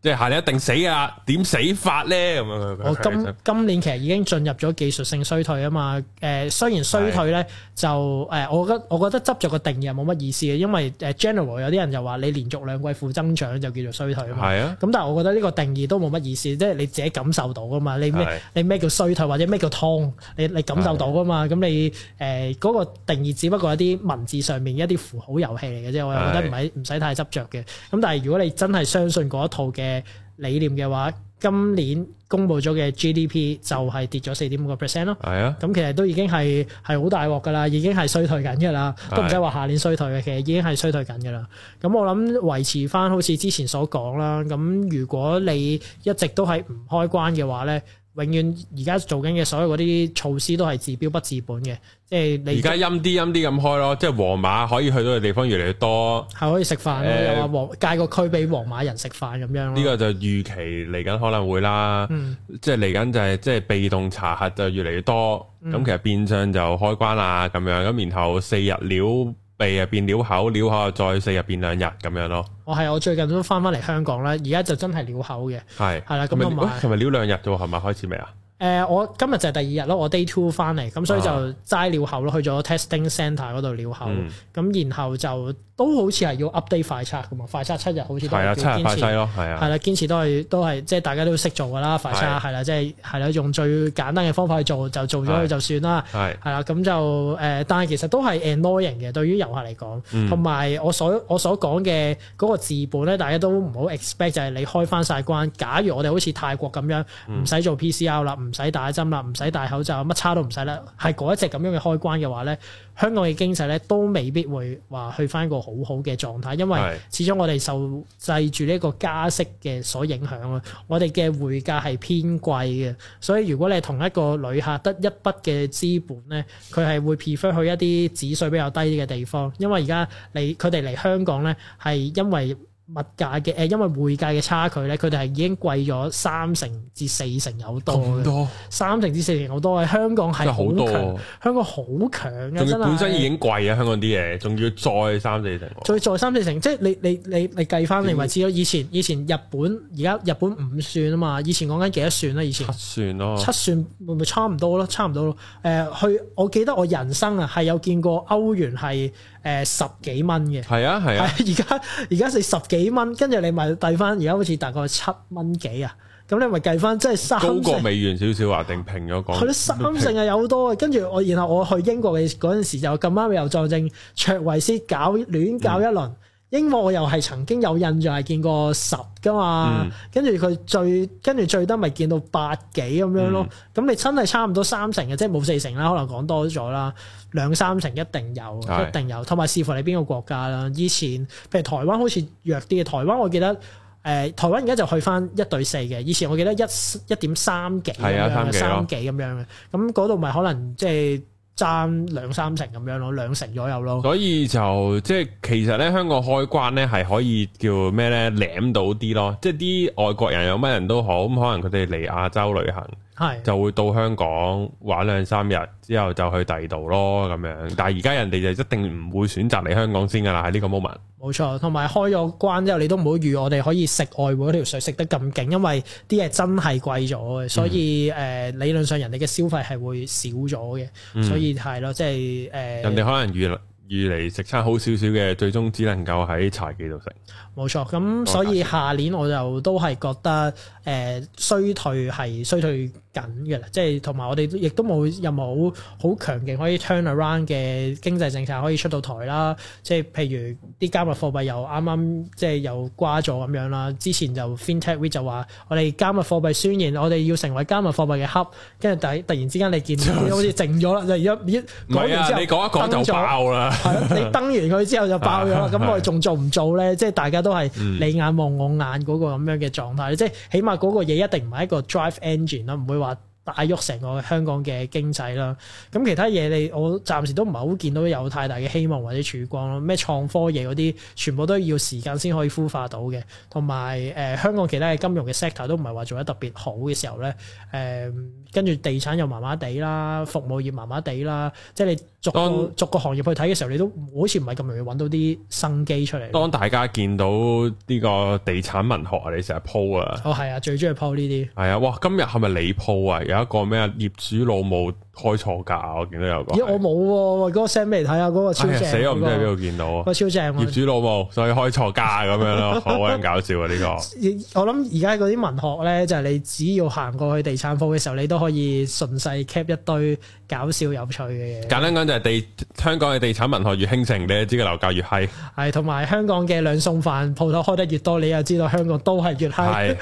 即係下年一定死啊？點死法咧？咁 樣我今今年其實已經進入咗技術性衰退啊嘛。誒、呃，雖然衰退咧是的 就誒、呃，我覺得我覺得執着個定義係冇乜意思嘅，因為誒 general 有啲人就話你連續兩季負增長就叫做衰退啊嘛。係啊。咁但係我覺得呢個定義都冇乜意思，即係你自己感受到噶嘛。你咩是的 你咩叫衰退或者咩叫痛？你你感受到噶嘛？咁是的 你誒、呃那個定義只不過係啲文字上面一啲符號遊戲嚟嘅啫。我又覺得唔係唔使太執着嘅。咁但係如果你真係相信嗰一套嘅。嘅理念嘅話，今年公布咗嘅 GDP 就係跌咗四點五個 percent 咯。係啊的，咁其實都已經係係好大鑊㗎喇，已經係衰退緊㗎喇，都唔使話下年衰退嘅，其實已經係衰退緊㗎喇。咁我諗維持返好似之前所講啦。咁如果你一直都係唔開關嘅話咧？永遠而家做緊嘅所有嗰啲措施都係治標不治本嘅，即係你而家陰啲陰啲咁開咯，即係皇馬可以去到嘅地方越嚟越多，係可以食飯咯，又話隔個區俾皇馬人食飯咁樣。呢個就預期嚟緊可能會啦，嗯、即係嚟緊就係即係被動查核就越嚟越多，咁、嗯、其實變相就開關啦咁樣，咁然後四日料。鼻啊變鳥口，鳥口啊再四日變兩日咁樣咯。我係、哦、我最近都翻翻嚟香港喇，而家就真係鳥口嘅。係係啦，咁啊喂，係咪鳥兩日都好慢開始未啊？誒、呃、我今日就係第二日咯，我 day two 翻嚟，咁所以就齋撩口咯，去咗 testing centre 嗰度撩口，咁、嗯、然後就都好似係要 update 快測咁啊！快測七日好似都係啊，七日係啊，啦，堅持都係都係，即係大家都識做㗎啦，快測係啦，即係係啦，用最簡單嘅方法去做就做咗佢就算啦，係係啦，咁、啊啊、就誒、呃，但係其實都係 annoying 嘅，對於遊客嚟講，同埋、嗯、我所我所講嘅嗰個治本咧，大家都唔好 expect 就係你開翻晒關，假如我哋好似泰國咁樣唔使做 PCR 啦了。了唔使打針啦，唔使戴口罩，乜差都唔使咧。係嗰一隻咁樣嘅開關嘅話咧，香港嘅經濟咧都未必會話去返一個好好嘅狀態，因為始終我哋受制住呢個加息嘅所影響啊。我哋嘅匯價係偏貴嘅，所以如果你係同一個旅客得一筆嘅資本咧，佢係會 prefer 去一啲紙水比較低啲嘅地方，因為而家你佢哋嚟香港咧係因為。物價嘅，誒，因為匯價嘅差距咧，佢哋係已經貴咗三成至四成有多嘅，多三成至四成好多嘅。香港係好多、啊、香港好強本身已經貴啊，香港啲嘢，仲要再三四成，仲再三四成，即係你你你你，你計翻你咪知。咯那。以前以前日本而家日本五算啊嘛，以前講緊幾多算啦、啊？以前七算咯、啊，七算唔咪差唔多咯，差唔多咯。誒、呃，去我記得我人生啊係有見過歐元係。誒、呃、十幾蚊嘅，係啊係啊，而家而家係十幾蚊，跟住你咪計翻，而家好似大概七蚊幾啊，咁你咪計翻，即係三成。高過美元少少話定平咗講？佢、啊、三成啊，有好多，跟住我，然後我去英國嘅嗰陣時就咁啱又再正卓維斯搞亂搞一輪。嗯。英鎊我又係曾經有印象係見過十噶嘛，跟住佢最跟住最多咪見到八幾咁樣咯。咁、嗯、你真係差唔多三成嘅，即係冇四成啦，可能講多咗啦。兩三成一定有，是一定有。同埋視乎你邊個國家啦。以前譬如台灣好似弱啲嘅，台灣我記得誒、呃，台灣而家就去翻一對四嘅。以前我記得一一點三幾咁樣，三幾咁樣嘅。咁嗰度咪可能即係。爭兩三成咁樣咯，兩成左右咯。所以就即係其實咧，香港開關咧係可以叫咩咧？舐到啲咯。即係啲外國人有乜人都好，咁可能佢哋嚟亞洲旅行。係 就會到香港玩兩三日，之後就去第二度咯咁樣。但係而家人哋就一定唔會選擇嚟香港先㗎啦。喺呢個 moment，冇錯。同埋開咗關之後，你都唔好預我哋可以食外匯嗰條水食得咁勁，因為啲嘢真係貴咗嘅。所以誒、嗯呃，理論上人哋嘅消費係會少咗嘅。所以係咯，即係誒。即係呃、人哋可能預越嚟食餐好少少嘅，最終只能夠喺茶記度食。冇錯，咁所以下年我就都係覺得，誒、呃、衰退係衰退緊嘅啦。即係同埋我哋亦都冇任何好強勁可以 turn around 嘅經濟政策可以出到台啦。即、就、係、是、譬如啲加密貨幣又啱啱即係又瓜咗咁樣啦。之前就 FinTech Week 就話我哋加密貨幣宣言，我哋要成為加密貨幣嘅 Hub，跟住第突然之間你見到 好似靜咗啦。你而家唔係啊？講你講一講就爆啦～係咯，你登完佢之後就爆咗，咁我哋仲做唔做咧？即係大家都係你眼望我眼嗰個咁樣嘅狀態，即係起碼嗰個嘢一定唔係一個 drive engine 啦，唔會話帶喐成個香港嘅經濟啦。咁其他嘢你我暫時都唔係好見到有太大嘅希望或者曙光咯。咩創科嘢嗰啲，全部都要時間先可以孵化到嘅。同埋誒香港其他嘅金融嘅 sector 都唔係話做得特別好嘅時候咧。誒跟住地產又麻麻地啦，服務業麻麻地啦，即係你。逐個當逐個行業去睇嘅時候，你都好似唔係咁容易揾到啲生機出嚟。當大家見到呢個地產文學啊，你成日 po 啊，哦係啊，最中意 po 呢啲。係啊，哇！今日係咪你 po 啊？有一個咩啊？業主老母。開錯價我見到有個，咦我冇喎、啊，嗰的個 send 俾你睇下，嗰、那個超正、那個哎，死我唔知喺邊度見到啊！哇超正，業主老母，所以開錯價咁樣咯，好鬼搞笑啊呢、這個！我諗而家嗰啲文學咧，就係、是、你只要行過去地產鋪嘅時候，你都可以順勢 keep 一堆搞笑有趣嘅嘢。簡單講就係地香港嘅地產文學越興盛，你知個樓價越 high 係同埋香港嘅兩餸飯鋪頭開得越多，你又知道香港都係越 high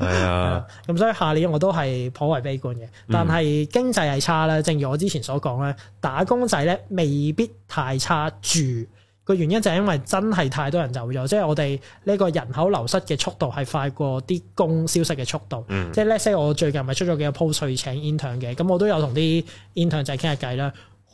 係啊，咁 所以下年我都係頗為悲觀嘅，但係經濟係差。正如我之前所講咧，打工仔咧未必太差住，個原因就係因為真係太多人走咗，即係我哋呢個人口流失嘅速度係快過啲工消失嘅速度。嗯、即係 let say 我最近咪出咗幾個 post 去請 intern 嘅，咁我都有同啲 intern 仔傾下偈啦。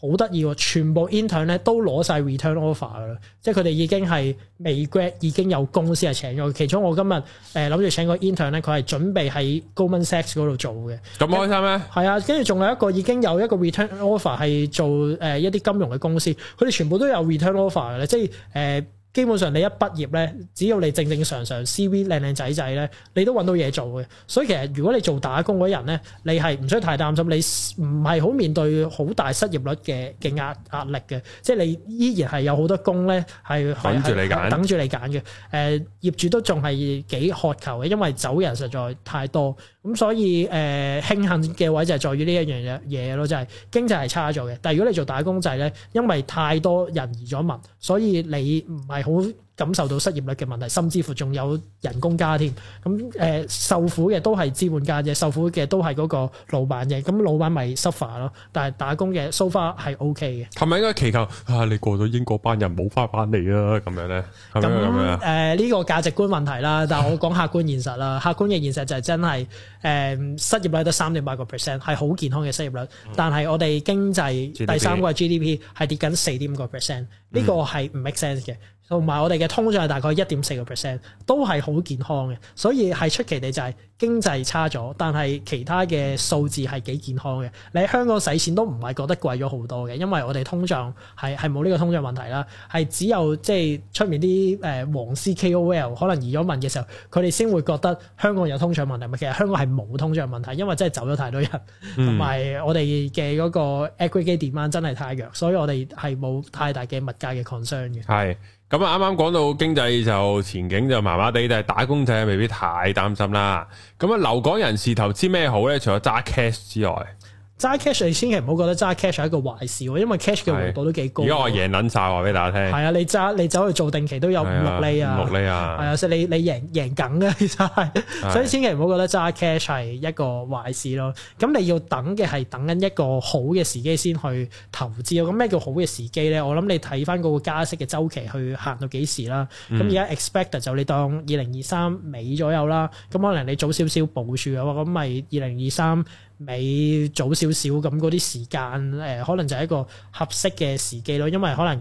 好得意喎！全部 intern 咧都攞晒 return offer 嘅啦，即係佢哋已經係未 grad 已經有公司係請咗佢。其中我今日誒諗住請個 intern 咧，佢係準備喺 Goldman Sachs 嗰度做嘅。咁開心咩？係啊，跟住仲有一個已經有一個 return offer 係做誒、呃、一啲金融嘅公司，佢哋全部都有 return offer 嘅咧，即係誒。基本上你一畢業咧，只要你正正常常 CV 靚靚仔仔咧，你都揾到嘢做嘅。所以其實如果你做打工嗰啲人咧，你係唔需要太擔心，你唔係好面對好大失業率嘅嘅壓壓力嘅，即係你依然係有好多工咧係等住你揀，等住你揀嘅。誒、呃、業主都仲係幾渴求嘅，因為走人實在太多。咁、嗯、所以誒慶幸嘅位置就係在於呢一樣嘢嘢就係、是、經濟係差咗嘅。但係如果你做打工仔呢，因為太多人移咗民，所以你唔係好感受到失業率嘅問題，甚至乎仲有人工加添。咁、嗯、誒、呃、受苦嘅都係資本家嘅，受苦嘅都係嗰個老闆嘅。咁、嗯、老闆咪 suffer 咯，但係打工嘅 so far 係 OK 嘅。係咪應該祈求啊？你過咗英國班人，唔好翻返嚟啊！咁樣咧，咁誒呢個價值觀問題啦。但係我講客觀現實啦， 客觀嘅現實就係真係誒、呃、失業率得三點八個 percent 係好健康嘅失業率。但係我哋經濟第三季 GDP 係跌緊四點五個 percent，呢個係唔 make sense 嘅。同埋我哋嘅通脹係大概一點四個 percent，都係好健康嘅，所以係出奇地就係經濟差咗，但係其他嘅數字係幾健康嘅。你喺香港使錢都唔係覺得貴咗好多嘅，因為我哋通脹係係冇呢個通脹問題啦，係只有即係出面啲誒黃絲 KOL 可能移咗民嘅時候，佢哋先會覺得香港有通脹問題。唔，其實香港係冇通脹問題，因為真係走咗太多人，同埋、嗯、我哋嘅嗰個 aggregate demand 真係太弱，所以我哋係冇太大嘅物價嘅 concern 嘅。係。咁啱啱講到經濟就前景就麻麻地，但係打工仔未必太擔心啦。咁啊，留港人士投資咩好呢？除咗揸 cash 之外。揸 cash 你千祈唔好覺得揸 cash 係一個壞事喎，因為 cash 嘅回報都幾高。而家我贏捻晒話俾大家聽。係啊，你揸你走去做定期都有五六厘啊，六厘啊，係啊，所以你你贏贏緊啊，其實係，所以千祈唔好覺得揸 cash 係一個壞事咯。咁你要等嘅係等緊一個好嘅時機先去投資咯。咁咩叫好嘅時機咧？我諗你睇翻嗰個加息嘅周期去行到幾時啦。咁而家 expect 就你當二零二三尾左右啦。咁可能你早少少部署嘅話，咁咪二零二三尾早少少咁嗰啲時間誒、呃，可能就係一個合適嘅時機咯。因為可能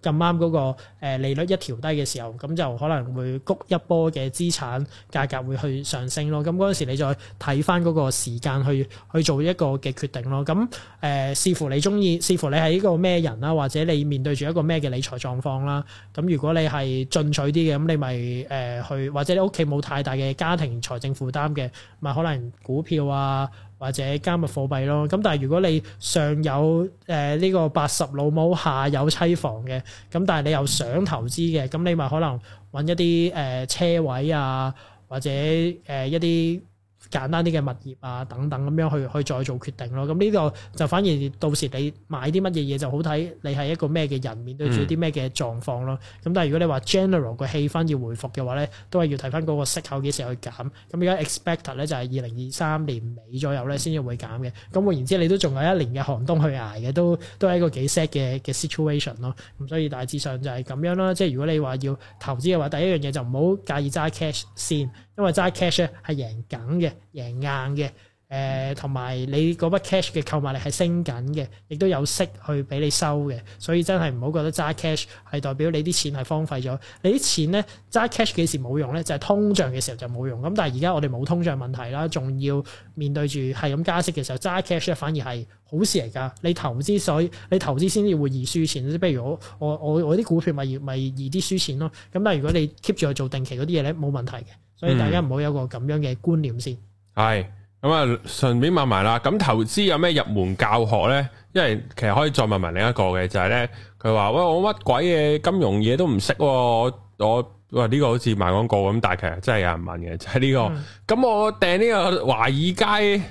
咁啱嗰個誒、呃、利率一調低嘅時候，咁就可能會谷一波嘅資產價格會去上升咯。咁嗰陣時你再睇翻嗰個時間去去做一個嘅決定咯。咁誒、呃，視乎你中意，視乎你係一個咩人啦，或者你面對住一個咩嘅理財狀況啦。咁如果你係進取啲嘅，咁你咪誒去，或者你屋企冇太大嘅家庭財政負擔嘅，咪可能股票啊。或者加密貨幣咯，咁但係如果你上有誒呢、呃，呢個八十老母，下有妻房嘅，咁但係你又想投資嘅，咁你咪可能揾一啲誒、呃、車位啊，或者誒、呃、一啲。簡單啲嘅物業啊，等等咁樣去去再做決定咯。咁呢個就反而到時你買啲乜嘢嘢就好睇，你係一個咩嘅人，面對住啲咩嘅狀況咯。咁、嗯、但係如果你話 general 個氣氛要回復嘅話咧，都係要睇返嗰個息口幾時去減。咁而家 expected 咧就係二零二三年尾左右咧先至會減嘅。咁換、嗯、言之，你都仲有一年嘅寒冬去捱嘅，都都係一個幾 sad 嘅嘅 situation 咯。咁所以大致上就係咁樣啦。即係如果你話要投資嘅話，第一樣嘢就唔好介意揸 cash 先。因為揸 cash 咧係贏緊嘅，贏硬嘅。誒、呃，同埋你嗰筆 cash 嘅購買力係升緊嘅，亦都有息去俾你收嘅。所以真係唔好覺得揸 cash 係代表你啲錢係荒廢咗。你啲錢咧揸 cash 幾時冇用咧？就係、是、通脹嘅時候就冇用。咁但係而家我哋冇通脹問題啦，仲要面對住係咁加息嘅時候揸 cash 反而係好事嚟㗎。你投資，所以你投資先至會易輸錢。即係譬如我我我我啲股票咪咪易啲輸錢咯。咁但係如果你 keep 住去做定期嗰啲嘢咧，冇問題嘅。所以大家唔好有個咁樣嘅觀念先。係咁啊，順便問埋啦。咁投資有咩入門教學呢？因為其實可以再問問另一個嘅，就係呢。佢話喂，我乜鬼嘢金融嘢都唔識喎。我喂呢個好似賣廣告咁，但係其實真係有人問嘅，就係呢個。咁、嗯、我訂呢個華爾街。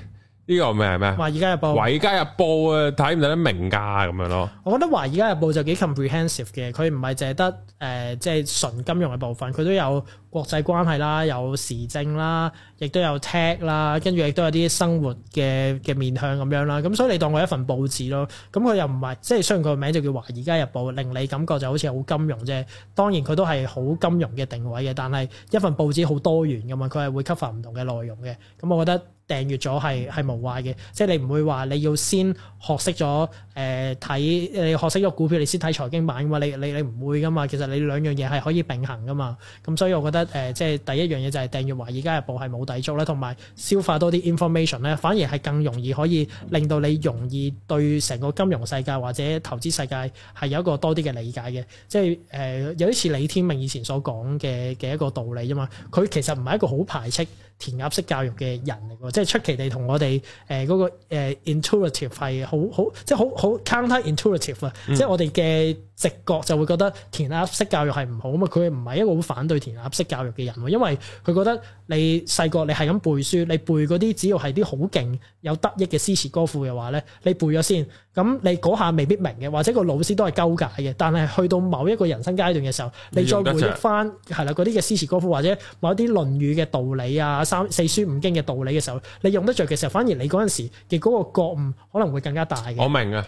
呢個咩係咩？華爾街日報，華爾街日報啊，睇唔睇得明架咁樣咯？我覺得華爾街日報就幾 comprehensive 嘅，佢唔係淨係得誒，即係純金融嘅部分，佢都有國際關係啦，有時政啦，亦都有 tech 啦，跟住亦都有啲生活嘅嘅面向咁樣啦。咁所以你當我一份報紙咯，咁佢又唔係即係雖然佢個名就叫華爾街日報，令你感覺就好似好金融啫。當然佢都係好金融嘅定位嘅，但係一份報紙好多元咁嘛，佢係會 cover 唔同嘅內容嘅。咁我覺得。訂閱咗係係無壞嘅，即係你唔會話，你要先。學識咗誒睇，你學識咗股票，你先睇財經版噶嘛？你你你唔會噶嘛？其實你兩樣嘢係可以並行噶嘛？咁所以我覺得誒、呃，即係第一樣嘢就係，訂閱華爾街日報係冇抵觸啦，同埋消化多啲 information 咧，反而係更容易可以令到你容易對成個金融世界或者投資世界係有一個多啲嘅理解嘅。即係誒、呃，有啲似李天命以前所講嘅嘅一個道理啫嘛。佢其實唔係一個好排斥填鴨式教育嘅人嚟喎，即係出奇地同我哋誒嗰個、呃、intuitive 係。好好，好好好 counterintuitive，嗯、即係好好 counterintuitive 啊！即係我哋嘅直覺就會覺得填鴨式教育係唔好啊嘛。佢唔係一個好反對填鴨式教育嘅人，因為佢覺得你細個你係咁背書，你背嗰啲只要係啲好勁有得益嘅詩詞歌賦嘅話咧，你背咗先。咁你嗰下未必明嘅，或者個老師都係糾解嘅，但係去到某一個人生階段嘅時候，你再回憶翻係啦，嗰啲嘅詩詞歌賦或者某啲《論語》嘅道理啊，三四書五經嘅道理嘅時候，你用得着嘅時候，反而你嗰陣時嘅嗰個覺悟可能會更加大嘅。我明啊，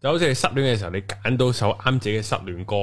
就好似你失戀嘅時候，你揀到首啱自己嘅失戀歌。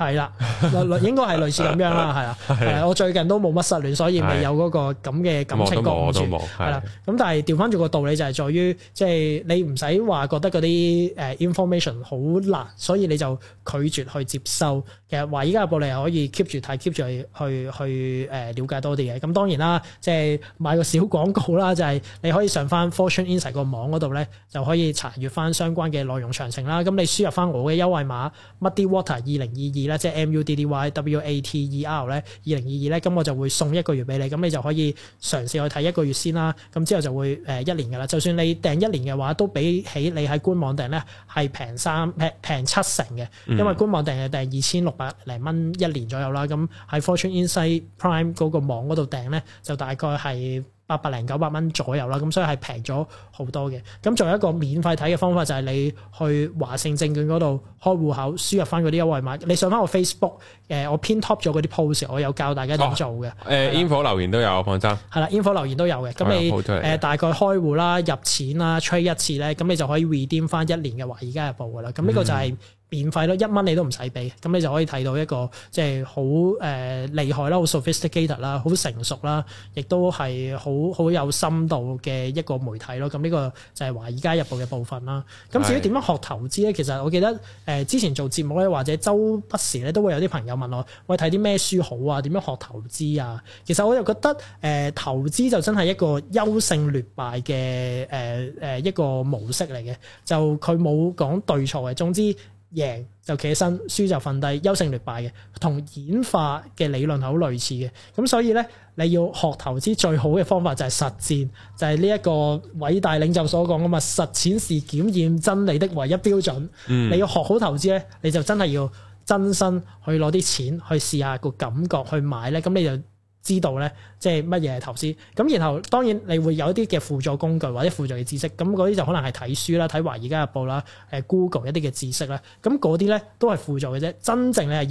係啦，類類 應該係類似咁樣啦，係啊，係。 我最近都冇乜失戀，所以未有嗰個咁嘅感情割唔住。係啦，咁但係調翻轉個道理就係在於，即係你唔使話覺得嗰啲誒 information 好難，所以你就拒絕去接收，其實話依家入嚟可以 keep 住睇，keep 住去去去誒、呃、了解多啲嘅。咁當然啦，即、就、係、是、買個小廣告啦，就係、是、你可以上翻 fortune insight 個網嗰度咧，就可以查閱翻相關嘅內容詳情啦。咁你輸入翻我嘅優惠碼，muddywater 二零二二啦，2022，即係 muddywater 咧二零二二咧，咁、e、我就會送一個月俾你。咁你就可以嘗試去睇一個月先啦。咁之後就會誒、呃、一年噶啦。就算你訂一年嘅話都比起你喺官網訂咧係平三平平七成嘅，因為官網訂係訂二千六。 百零蚊一年左右啦，咁喺 Fortune Insight Prime 嗰個網嗰度訂咧，就大概係八百零九百蚊左右啦，咁所以係平咗好多嘅。咁仲有一個免費睇嘅方法就係你去華盛證券嗰度開戶口，輸入翻嗰啲優惠碼。你上翻我 Facebook，誒、呃，我 pin top 咗嗰啲 post，我有教大家點做嘅。誒、哦，煙、呃、火了留言都有，放心，係啦，煙火留言都有嘅。咁你誒，大概開戶啦，入錢啦吹一次咧，咁你就可以 redeem 翻一年嘅華爾街日報噶啦。咁呢個就係、是。嗯免費咯，一蚊你都唔使俾，咁你就可以睇到一個即係好誒厲害啦，好 sophisticated 啦，好成熟啦，亦都係好好有深度嘅一個媒體咯。咁呢個就係華爾街日報嘅部分啦。咁至於點樣學投資呢？其實我記得誒、呃、之前做節目咧，或者周不時咧都會有啲朋友問我，喂，睇啲咩書好啊？點樣學投資啊？其實我又覺得誒、呃、投資就真係一個優勝劣敗嘅誒誒一個模式嚟嘅，就佢冇講對錯嘅，總之，贏就企身，輸就瞓低，優勝劣敗嘅，同演化嘅理論係好類似嘅。咁所以呢，你要學投資最好嘅方法就係實踐，就係呢一個偉大領袖所講啊嘛，實踐是檢驗真理的唯一標準。嗯、你要學好投資呢，你就真係要真心去攞啲錢去試下個感覺去買呢。咁你就。知道咧，即係乜嘢投資咁。然後當然你會有一啲嘅輔助工具或者輔助嘅知識，咁嗰啲就可能係睇書啦、睇華爾街日報啦、誒、嗯、Google 一啲嘅知識啦。咁嗰啲咧都係輔助嘅啫。真正你係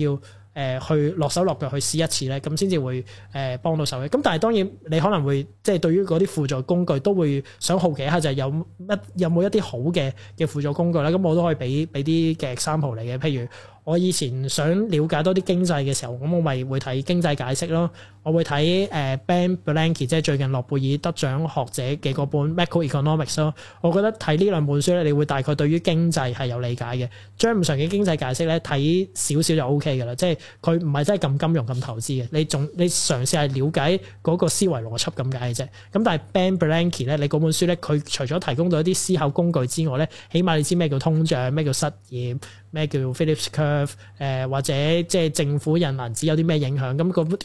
要誒去落手落腳去試一次咧，咁先至會誒、呃、幫到手嘅。咁但係當然你可能會即係對於嗰啲輔助工具都會想好奇一下就，就係有乜有冇一啲好嘅嘅輔助工具咧？咁我都可以俾俾啲嘅 sample 嚟嘅。譬如我以前想了解多啲經濟嘅時候，咁我咪會睇經濟解釋咯。我會睇誒、呃、Ben Blanky，即係最近諾貝爾得獎學者嘅嗰本《Macro Economics》咯。我覺得睇呢兩本書咧，你會大概對於經濟係有理解嘅。張五常嘅經濟解釋咧，睇少少就 O K 嘅啦。即係佢唔係真係咁金融咁投資嘅，你仲你嘗試係了解嗰個思維邏輯咁解嘅啫。咁但係 Ben Blanky 咧，你嗰本書咧，佢除咗提供到一啲思考工具之外咧，起碼你知咩叫通脹，咩叫失業，咩叫 Phillips Curve，誒、呃、或者即係政府印銀紙有啲咩影響。咁、那、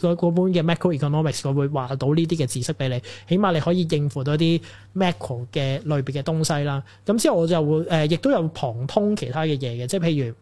嗰、個、本嘅。macroeconomics 佢會話到呢啲嘅知識俾你，起碼你可以應付到啲 macro 嘅類別嘅東西啦。咁之後我就會誒，亦、呃、都有旁通其他嘅嘢嘅，即係譬如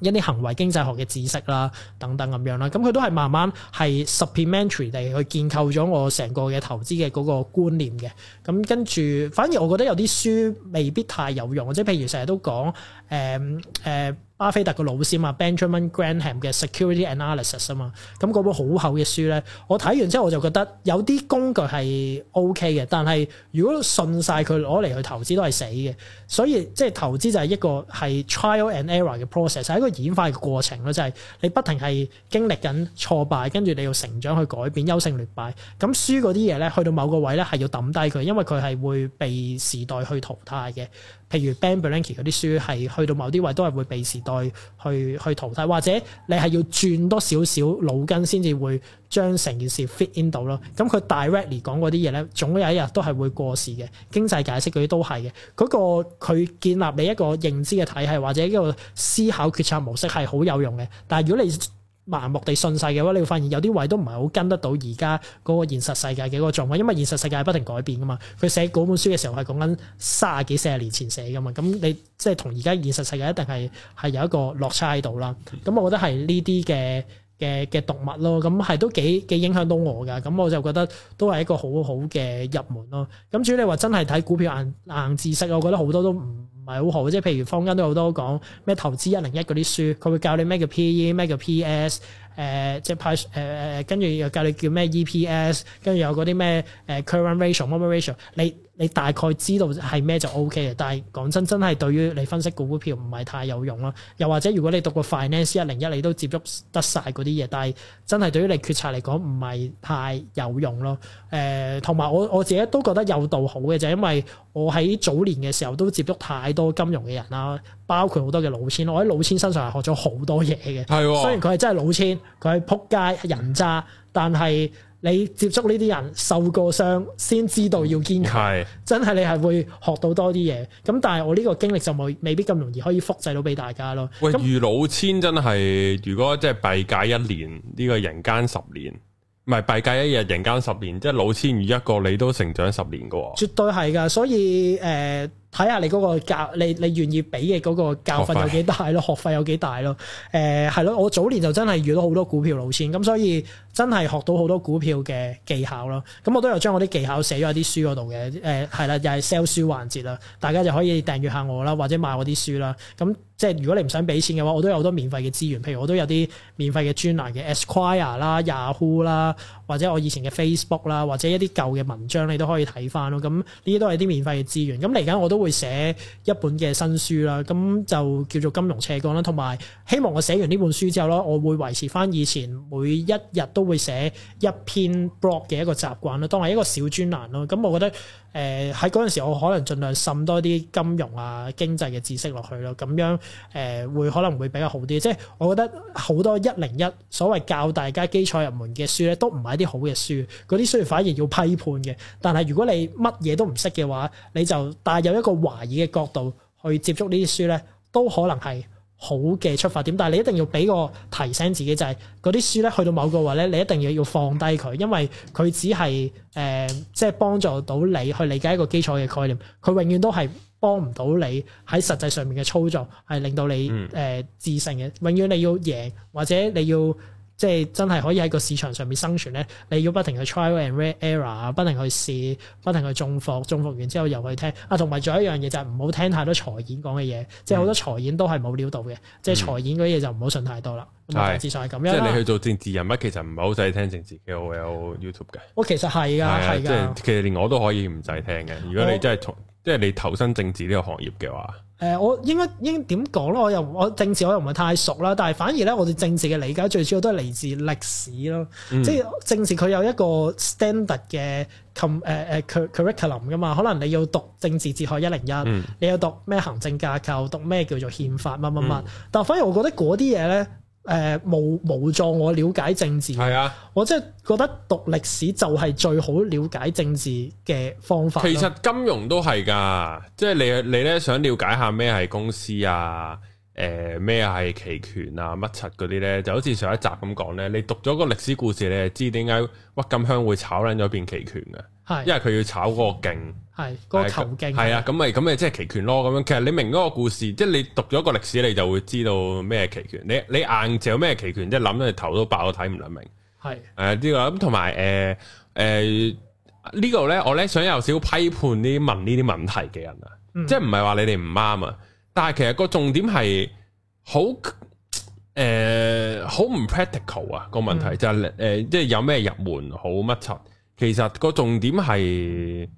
一啲行為經濟學嘅知識啦，等等咁樣啦。咁佢都係慢慢係 supplementary 地去建構咗我成個嘅投資嘅嗰個觀念嘅。咁跟住，反而我覺得有啲書未必太有用，即係譬如成日都講。誒誒、嗯啊，巴菲特個老師嘛，Benjamin Graham 嘅 Security Analysis 啊嘛，咁嗰本好厚嘅書咧，我睇完之後我就覺得有啲工具係 OK 嘅，但係如果信晒佢攞嚟去投資都係死嘅，所以即係投資就係一個係 trial and error 嘅 process，係一個演化嘅過程咯，就係、是、你不停係經歷緊挫敗，跟住你要成長去改變，優勝劣敗，咁輸嗰啲嘢咧，去到某個位咧係要抌低佢，因為佢係會被時代去淘汰嘅。譬如 Ben Brantley 嗰啲書係去到某啲位都係會被時代去去淘汰，或者你係要轉多少少腦筋先至會將成件事 fit in 到咯。咁佢 directly 講嗰啲嘢咧，總有一日都係會過時嘅。經濟解釋嗰啲都係嘅。嗰個佢建立你一個認知嘅體系或者一個思考決策模式係好有用嘅。但係如果你，盲目地信世嘅話，你會發現有啲位都唔係好跟得到而家嗰個現實世界嘅嗰個狀況，因為現實世界係不停改變噶嘛。佢寫嗰本書嘅時候係講緊三十幾、四十年前寫噶嘛，咁你即係同而家現實世界一定係係有一個落差喺度啦。咁我覺得係呢啲嘅嘅嘅讀物咯，咁係都幾幾影響到我㗎。咁我就覺得都係一個好好嘅入門咯。咁主要你話真係睇股票硬硬知識，我覺得好多都唔唔係好好，即係譬如坊間都有好多講咩投資一零一嗰啲書，佢會教你咩叫 PE，咩叫 PS，誒、呃、即係派誒跟住又教你叫咩 EPS，跟住有嗰啲咩誒 current ratio、moment ratio，你。你大概知道係咩就 OK 嘅，但係講真，真係對於你分析個股票唔係太有用咯。又或者如果你讀過 finance 一零一，你都接觸得晒嗰啲嘢，但係真係對於你決策嚟講唔係太有用咯。誒、呃，同埋我我自己都覺得有道好嘅就係因為我喺早年嘅時候都接觸太多金融嘅人啦，包括好多嘅老千。我喺老千身上係學咗好多嘢嘅，係喎。雖然佢係真係老千，佢係仆街人渣，但係。你接觸呢啲人受過傷，先知道要堅強，的真係你係會學到多啲嘢。咁但係我呢個經歷就冇未必咁容易可以複製到俾大家咯。喂，遇那老千真係，如果即係閉戒一年呢、呢個人間十年，唔係閉戒一日人間十年，即、就、係、是、老千遇一個你都成長十年㗎喎。絕對係㗎，所以誒。呃睇下你嗰個教，你你願意俾嘅嗰個教訓有幾大咯，學費費有幾大咯？誒係咯，我早年就真係遇到好多股票老千，咁所以真係學到好多股票嘅技巧咯。咁我都有將我啲技巧寫咗喺啲書嗰度嘅。誒係啦，又係 sell 書環節啦，大家就可以訂閱下我啦，或者買我啲書啦。咁即係如果你唔想俾錢嘅話，我都有好多免費嘅資源，譬如我都有啲免費嘅專欄嘅 Esquire 啦、Yahoo 啦，或者我以前嘅 Facebook 啦，或者一啲舊嘅文章你都可以睇翻咯。咁呢啲都係啲免費嘅資源。咁嚟緊我都。會寫一本嘅新書啦，咁就叫做金融斜槓啦，同埋希望我寫完呢本書之後咯，我會維持翻以前每一日都會寫一篇 blog 嘅一個習慣啦，當係一個小專欄咯，咁我覺得。誒喺嗰陣時，我可能盡量滲多啲金融啊、經濟嘅知識落去咯，咁樣誒、呃、會可能會比較好啲。即、就、係、是、我覺得好多一零一所謂教大家基礎入門嘅書咧，都唔係一啲好嘅書，嗰啲書反而要批判嘅。但係如果你乜嘢都唔識嘅話，你就帶有一個懷疑嘅角度去接觸呢啲書咧，都可能係。好嘅出發點，但係你一定要俾個提醒自己，就係嗰啲書咧，去到某個位咧，你一定要要放低佢，因為佢只係誒，即、呃、係、就係、幫助到你去理解一個基礎嘅概念，佢永遠都係幫唔到你喺實際上面嘅操作，係令到你誒、呃、自信嘅。永遠你要贏，或者你要。即係真係可以喺個市場上面生存咧，你要不停去 trial and error，不停去試，不停去中伏，中伏完之後又去聽。啊，同埋仲有一樣嘢就係唔好聽太多財演講嘅嘢，嗯、即係好多財演都係冇料到嘅，嗯、即係財演嗰啲嘢就唔好信太多啦。係。大致上係咁樣。即係你去做政治人物，其實唔係好使聽政治嘅 O L YouTube 嘅。我、哦、其實係啊，係啊的。的即係其實連我都可以唔使聽嘅。如果你真係同、哦、即係你投身政治呢個行業嘅話。誒、呃，我應該應點講咧？我又我政治我又唔係太熟啦，但係反而咧，我對政治嘅理解最主要都係嚟自歷史咯。即係政治佢有一個 standard 嘅誒誒 curriculum 噶嘛，可能你要讀政治哲學一零一，你要讀咩行政架構，讀咩叫做憲法乜乜乜，但係反而我覺得嗰啲嘢咧。誒、呃、無無助，我了解政治。係啊，我真係覺得讀歷史就係最好了解政治嘅方法。其實金融都係㗎，即係你你咧想了解下咩係公司啊？誒，咩係期權啊乜柒嗰啲咧，就好似上一集咁講咧，你讀咗個歷史故事，你係知點解鬱金香會炒捻咗變期權嘅？係，因為佢要炒嗰個勁，係，個頭勁，係啊，咁咪咁咪即係期權咯，咁樣其實你明嗰個故事，即係你讀咗個歷史，你就會知道咩係期權。你你硬照咩期權，即係諗到你頭都爆，都睇唔諗明。係，誒呢個咁同埋誒誒呢度咧，我咧想有少批判啲問呢啲問題嘅人啊，即係唔係話你哋唔啱啊。但係其實個重點係好誒好、呃、唔 practical 啊，個問題就係誒即係有咩入門好乜柒？其實個重點係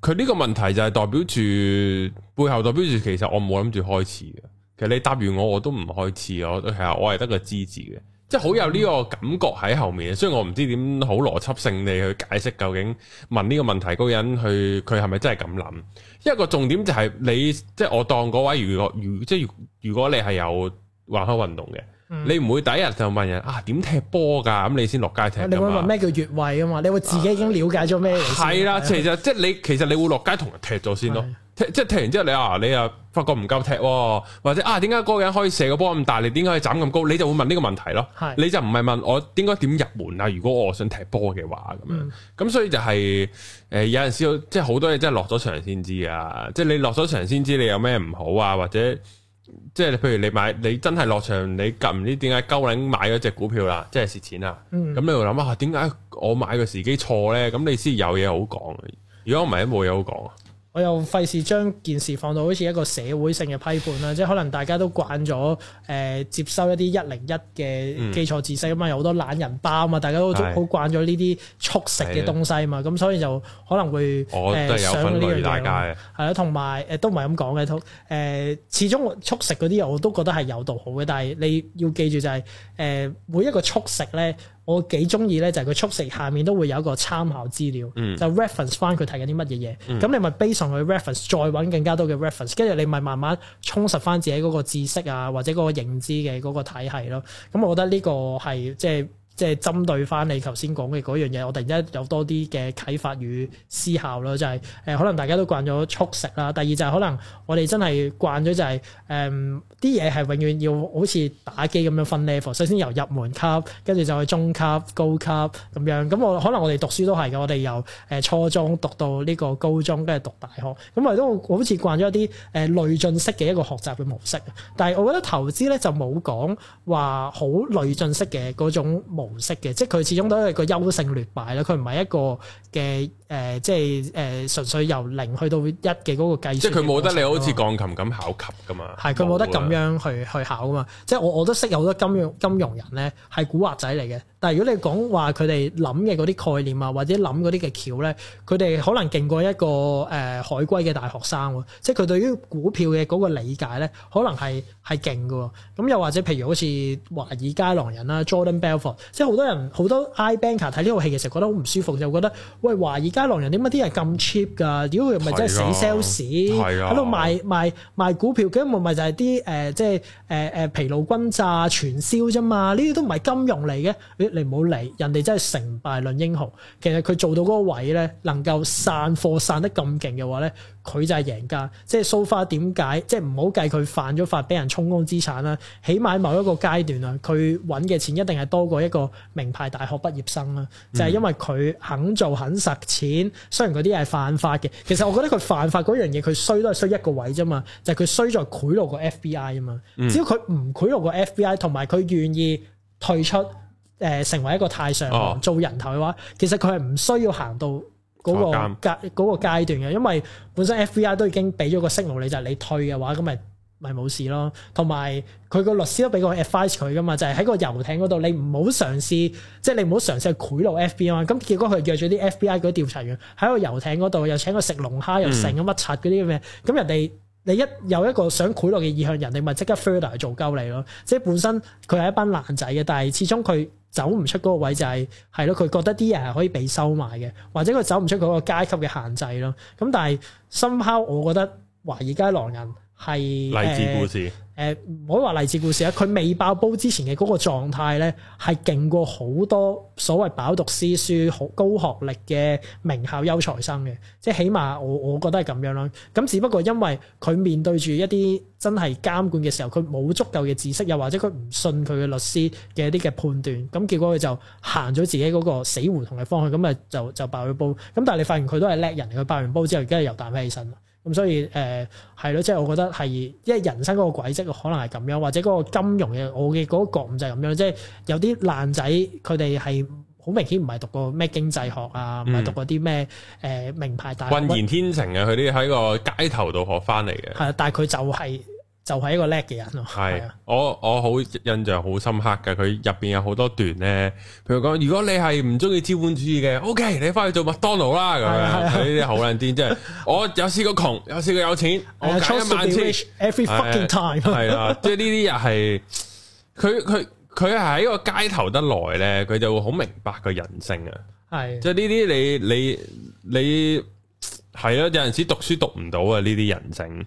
佢呢個問題就係代表住背後代表住其實我冇諗住開始嘅。其實你答完我我都唔開始我咯。其實我係得個支持嘅。即係好有呢個感覺喺後面，所以我唔知點好邏輯性地去解釋究竟問呢個問題嗰個人去，佢佢係咪真係咁諗？一個重點就係你，即係我當嗰位如，如果如即係如果你係有玩開運動嘅。你唔會第一日就問人啊點踢波噶，咁你先落街踢、啊。你會問咩叫越位啊嘛？你會自己已經了解咗咩？係啦、啊啊，其實即係你，其實你會落街同人踢咗先咯。是即係踢完之後，你啊你啊發覺唔夠踢，或者啊點解嗰個人可以射個波咁大？你點解可以斬咁高？你就會問呢個問題咯。是你就唔係問我點解點入門啊？如果我想踢波嘅話咁樣。咁、嗯、所以就係、是、誒、呃、有陣時，即係好多嘢即係落咗場先知啊！即係你落咗場先知你有咩唔好啊，或者。即係，譬如你買，你真係落場，你隔唔知點解鳩撚買嗰隻股票啦，即係蝕錢啦。咁、嗯、你會諗啊，點解我買個時機錯咧？咁你先有嘢好講。如果唔係，冇嘢好講啊。我又費事將件事放到好似一個社會性嘅批判啦，即係可能大家都慣咗誒、呃、接收一啲一零一嘅基礎知識啊嘛，有好多懶人包啊嘛，大家都好慣咗呢啲速食嘅東西啊嘛，咁、嗯、所以就可能會想呢樣嘢咯，係咯家，同埋誒都唔係咁講嘅，同、呃、誒始終速食嗰啲我都覺得係有道好嘅，但係你要記住就係、是、誒、呃、每一個速食咧。我幾中意咧，就係佢速食下面都會有一個參考資料，嗯、就 reference 翻佢睇緊啲乜嘢嘢。咁、嗯、你咪 base 上去 reference，再揾更加多嘅 reference，跟住你咪慢慢充實翻自己嗰個知識啊，或者嗰個認知嘅嗰個體系咯。咁我覺得呢個係即係。就是即係針對翻你頭先講嘅嗰樣嘢，我突然之間有多啲嘅啟發與思考啦，就係、是、誒、呃、可能大家都慣咗速食啦。第二就係可能我哋真係慣咗就係誒啲嘢係永遠要好似打機咁樣分 level，首先由入門級，跟住就去中級、高級咁樣。咁我可能我哋讀書都係嘅，我哋由誒初中讀到呢個高中，跟住讀大學，咁我都好似慣咗一啲誒累進式嘅一個學習嘅模式。但係我覺得投資咧就冇講話好累進式嘅嗰種，模式嘅，即係佢始終都係個優勝劣敗啦，佢唔係一個嘅，誒、呃，即係誒，純、呃、粹由零去到一嘅嗰個計。即係佢冇得你好似鋼琴咁考級噶嘛？係佢冇得咁樣去去考啊嘛？即係我我都識有好多金融金融人咧，係古惑仔嚟嘅。但係如果你講話佢哋諗嘅嗰啲概念啊，或者諗嗰啲嘅橋咧，佢哋可能勁過一個誒、呃、海歸嘅大學生喎，即係佢對於股票嘅嗰個理解咧，可能係係勁嘅喎。咁又或者譬如好似華爾街狼人啦，Jordan Belfort，即係好多人好多 I banker 睇呢套戲嘅時候覺得好唔舒服，就覺得喂，華爾街狼人點解啲人咁 cheap 㗎？如果唔係真係死 sales，喺度賣賣賣，賣股票嘅，咪咪就係啲誒即係誒誒疲勞轟炸、傳銷啫嘛？呢啲都唔係金融嚟嘅。你唔好理人哋，真係成敗論英雄。其實佢做到嗰個位咧，能夠散貨散得咁勁嘅話咧，佢就係贏家。即係 so far 點解？即係唔好計佢犯咗法俾人充公資產啦，起碼某一個階段啊，佢揾嘅錢一定係多過一個名牌大學畢業生啦。就係、是、因為佢肯做肯實錢，雖然嗰啲係犯法嘅。其實我覺得佢犯法嗰樣嘢，佢衰都係衰一個位啫嘛。就係佢衰在賄賂個 FBI 啊嘛。只要佢唔賄賂個 FBI，同埋佢願意退出。誒、呃、成為一個太上皇做人頭嘅話，其實佢係唔需要行到嗰、那個牢那個階嗰段嘅，因為本身 FBI 都已經俾咗個 signal，你，就係、是、你退嘅話，咁咪咪冇事咯。同埋佢個律師都俾個 advice 佢噶嘛，就係、是、喺個遊艇嗰度，你唔好嘗試，即、就、係、是、你唔好嘗試賄賂 FBI。咁結果佢約咗啲 FBI 嗰啲調查員喺個遊艇嗰度，又請個食龍蝦，又成咁乜柒嗰啲嘅。咁、嗯、人哋你一有一個想賄賂嘅意向，人哋咪即刻 fire 嚟做鳩你咯。即係本身佢係一班爛仔嘅，但係始終佢。走唔出嗰個位就係係咯，佢覺得啲人係可以被收買嘅，或者佢走唔出嗰個階級嘅限制咯。咁但係 somehow，我覺得華爾街狼人係勵志故事。呃誒，唔好話勵志故事啦，佢未爆煲之前嘅嗰個狀態咧，係勁過好多所謂飽讀詩書、好高學歷嘅名校優才生嘅，即係起碼我我覺得係咁樣啦。咁只不過因為佢面對住一啲真係監管嘅時候，佢冇足夠嘅知識，又或者佢唔信佢嘅律師嘅一啲嘅判斷，咁結果佢就行咗自己嗰個死胡同嘅方向，咁咪就就爆咗煲。咁但係你發現佢都係叻人，佢爆完煲之後而家又彈翻起身。咁所以誒係咯，即、呃、係我覺得係，因為人生嗰個軌跡可能係咁樣，或者嗰個金融嘅我嘅嗰個觀點就係咁樣，即係有啲爛仔佢哋係好明顯唔係讀過咩經濟學啊，唔係、嗯、讀嗰啲咩誒名牌大學。渾然天成啊，佢啲喺個街頭度學翻嚟嘅。係啊，但係佢就係、是。就係一個叻嘅人咯，係啊，我我好印象好深刻嘅，佢入邊有好多段咧，譬如講，如果你係唔中意資本主義嘅，OK，你翻去做麥當勞啦，咁樣呢啲好撚癲，即係我有試過窮，有試過有錢，我賺一萬次，every fucking time，係啦，即係呢啲又係，佢佢佢係喺個街頭得嚟咧，佢就會好明白個人性啊，係，即係呢啲你你你係啊，有陣時讀書讀唔到啊，呢啲人性。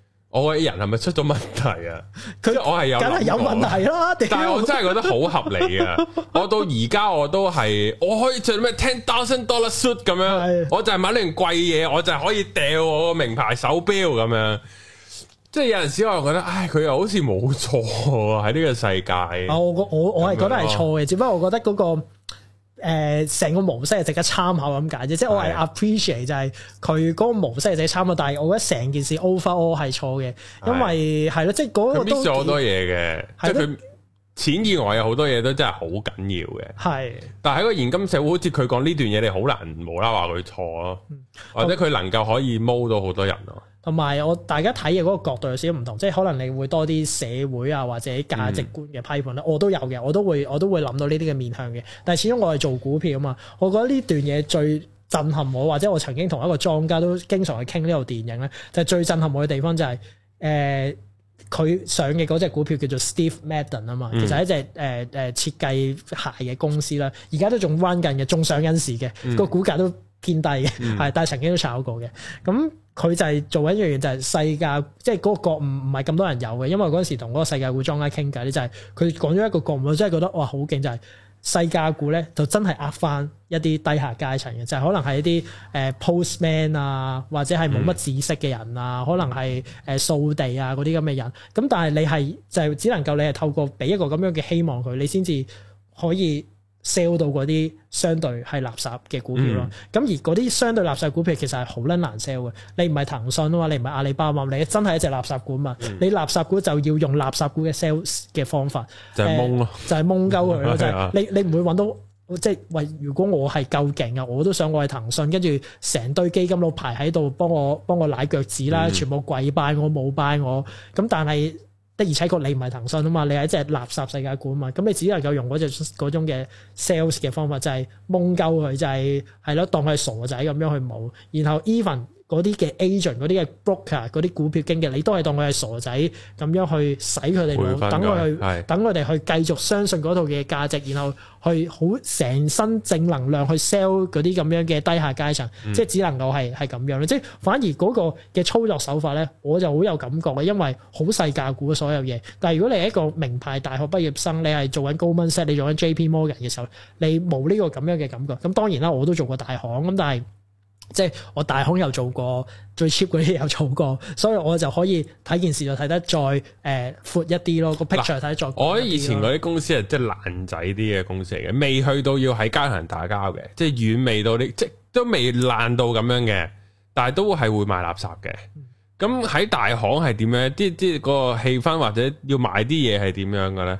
我嘅人係咪出咗問題啊？佢它 我係有，梗係有問題啦。但係我真係覺得好合理啊！ 我到而家我都係，我可以着咩？Ten thousand dollars suit 咁樣的我，我就係買呢件貴嘢，我就係可以掉我個名牌手表咁樣。即係有陣時我又覺得，唉，佢又好似冇錯啊！喺呢個世界，啊、我我我係這樣 覺得係錯嘅，只不過我覺得嗰、那個。誒成、呃、個模式係值得參考咁解啫，即係的我係 appreciate 就係佢嗰個模式係值得參考，但係我覺得成件事 overall 係錯嘅，的因為係咯，即係嗰都 miss 咗好多嘢嘅，的即係佢錢以外有好多嘢都真係好緊要嘅。係的，但係喺個現今社會，好似佢講呢段嘢，你好難無啦話佢錯咯，的或者佢能夠可以 move 到好多人咯。同埋我大家睇嘅嗰個角度有少少唔同，即係可能你會多啲社會啊或者價值觀嘅批判咧，嗯、我都有嘅，我都會我都會諗到呢啲嘅面向嘅。但係始終我係做股票啊嘛，我覺得呢段嘢最震撼我，或者我曾經同一個莊家都經常去傾呢套電影咧，就係、最震撼我嘅地方就係誒佢上嘅嗰隻股票叫做 Steve Madden 啊嘛，其實係一隻誒誒、呃、設計鞋嘅公司啦，而家都仲彎近嘅，仲上緊市嘅，個股價都，嗯偏低嘅，係、嗯，但係曾經都炒過嘅。咁佢就係做緊一樣嘢，就係世界，即係嗰個覺悟唔唔係咁多人有嘅。因為嗰陣時同嗰個世界會莊家傾偈咧，就係、是、佢講咗一個覺悟，我真係覺得哇好勁！就係、是、世界股咧，就真係呃翻一啲低下階層嘅，就係、是、可能係一啲誒、呃、postman 啊，或者係冇乜知識嘅人啊，嗯、可能係誒掃地啊嗰啲咁嘅人。咁但係你係就係、是、只能夠你係透過俾一個咁樣嘅希望佢，你先至可以。sell 到嗰啲相對係垃圾嘅股票咯，咁、嗯、而嗰啲相對垃圾股票其實係好撚難 sell 嘅。你唔係騰訊啊嘛，你唔係阿里巴巴，你真係一隻垃圾股嘛。嗯、你垃圾股就要用垃圾股嘅 sales 嘅方法，嗯呃、就係蒙、嗯、蒙咯，就係蒙鳶佢咯，就係是、啊、你你唔會揾到即係。如果我係夠勁啊，我都想我係騰訊，跟住成堆基金佬排喺度幫我幫我舐腳趾啦，全部跪拜我冇拜我。咁但係。而且佢你唔係騰訊啊嘛，你係一隻垃圾世界股啊嘛，咁你只能夠用嗰隻嗰種嘅 sales 嘅方法，就係蒙鳩佢，就係係咯，當佢係傻仔咁樣去冇，然後 even。嗰啲嘅 agent，嗰啲嘅 broker，嗰啲股票經紀，你都係當佢係傻仔咁樣去使佢哋，等佢去，等佢哋去繼續相信嗰套嘅價值，然後去好成身正能量去 sell 嗰啲咁樣嘅低下階層，即係只能夠係係咁樣咯。即係反而嗰個嘅操作手法咧，我就好有感覺嘅，因為好細價股嘅所有嘢。但係如果你係一個名牌大學畢業生，你係做緊 Goldman Sachs，你做緊 JP Morgan 嘅時候，你冇呢個咁樣嘅感覺。咁當然啦，我都做過大行咁，但係。即係我大行又做過，最 cheap 嗰啲又做過，所以我就可以睇件事就睇得再誒闊、呃、一啲咯。個 picture 睇得再、啊、我以前嗰啲公司係即係爛仔啲嘅公司嚟嘅，未去到要喺街行打交嘅，即係遠未到啲，即都未爛到咁樣嘅，但係都係會賣垃圾嘅。咁喺、嗯、大行係點樣即即係個氣氛或者要買啲嘢係點樣嘅咧？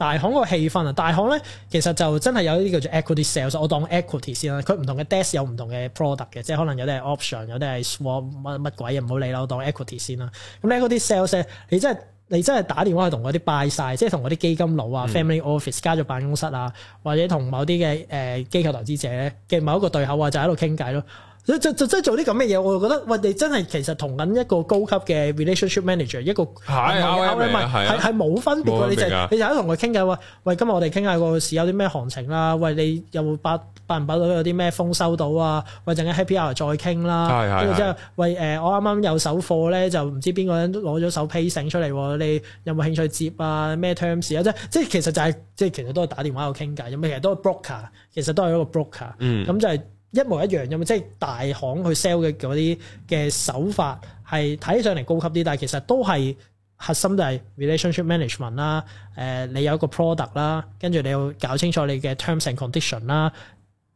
大行個氣氛啊！大行咧，其實就真係有啲叫做 equity sales，我當 equity 先啦。佢唔同嘅 desk 有唔同嘅 product 嘅，即係可能有啲係 option，有啲係 swap 乜乜鬼啊，唔好理啦，我當 equity 先啦。咁咧啲 sales 咧，你真係你真係打電話去同嗰啲 buy side，即係同嗰啲基金佬啊、嗯、family office 家族辦公室啊，或者同某啲嘅誒機構投資者嘅某一個對口啊，就喺度傾偈咯。即就就係做啲咁嘅嘢，我就覺得，喂，你真係其實同緊一個高級嘅 relationship manager，一個係係冇分別㗎，別你就只、啊、你就同佢傾偈，喂，喂，今日我哋傾下個市有啲咩行情啦，喂，你有冇八八人八組有啲咩風收到啊？喂，陣間 happy hour 再傾啦。係係。後之後，喂，誒、呃，我啱啱有手貨咧，就唔知邊個人攞咗手批剩出嚟，你有冇興趣接啊？咩 terms 啊？即係即係其實就係、是、即係其實都係打電話喺度傾偈，咁其實都係 broker，其實都係一個 broker、嗯。咁就係。一模一樣啫嘛，即係大行去 sell 嘅嗰啲嘅手法係睇起上嚟高級啲，但係其實都係核心就係 relationship management 啦。誒，你有一個 product 啦，跟住你要搞清楚你嘅 terms and condition 啦，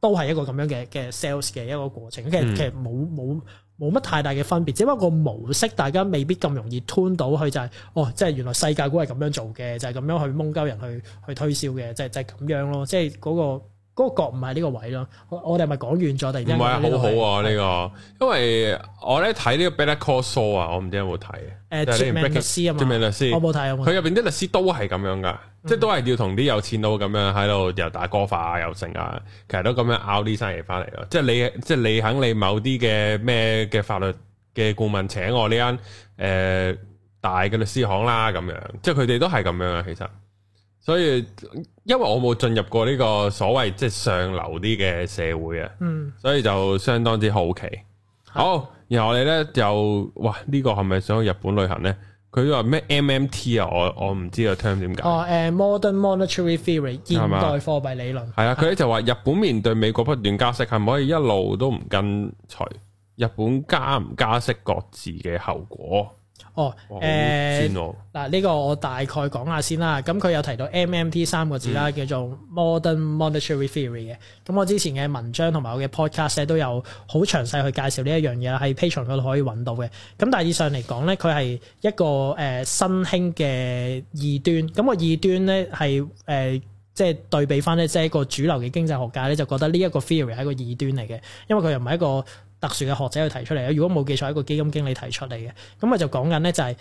都係一個咁樣嘅嘅 sales 嘅一個過程。其實其實冇冇冇乜太大嘅分別，只不過個模式大家未必咁容易 turn 到佢就係、是、哦，即係原來世界股係咁樣做嘅，就係、是、咁樣去蒙鳩人去去推銷嘅，就係、是、就係、是、咁樣咯，即係嗰、那個。嗰個角唔係呢個位咯，我我哋咪講遠咗，突然間。唔係啊，好好啊呢、呢個，因為我咧睇呢個《Better Call Saul》啊，我唔知有冇睇。誒、呃，出名律師啊嘛，出名律師，我冇睇。佢入邊啲律師都係咁樣噶，嗯、即係都係要同啲有錢佬咁樣喺度又打 golf 啊，又剩啊，其實都咁樣拗啲生意翻嚟咯。即係你，即係你肯你某啲嘅咩嘅法律嘅顧問請我呢間誒、呃、大嘅律師行啦，咁樣，即係佢哋都係咁樣啊，其實。所以，因為我冇進入過呢個所謂即係上流啲嘅社會啊，嗯、所以就相當之好奇。的好，然後我哋咧就，哇，呢、呢個係咪想去日本旅行咧？佢話咩 MMT 啊？我我唔知個 term 點解。哦，誒、uh，modern monetary theory 現代貨幣理論。係啊吧，佢咧就話日本面對美國不斷加息，係唔可以一路都唔跟隨？日本加唔加息各自嘅後果。哦，誒嗱呢個我大概講下先啦。咁佢有提到 MMT 三個字啦，嗯、叫做 Modern Monetary Theory 嘅。咁我之前嘅文章同埋我嘅 podcast 亦都有好詳細去介紹呢一樣嘢，喺 Patreon 嗰度可以揾到嘅。咁大致上嚟講咧，佢係一個誒、呃、新興嘅異端。咁個異端咧係誒即係對比翻咧，即、就、係、是、一個主流嘅經濟學家咧就覺得呢一個 theory 係一個異端嚟嘅，因為佢又唔係一個。特殊嘅學者去提出嚟，如果冇記錯，係一個基金經理提出嚟嘅，咁啊就講緊咧就係，誒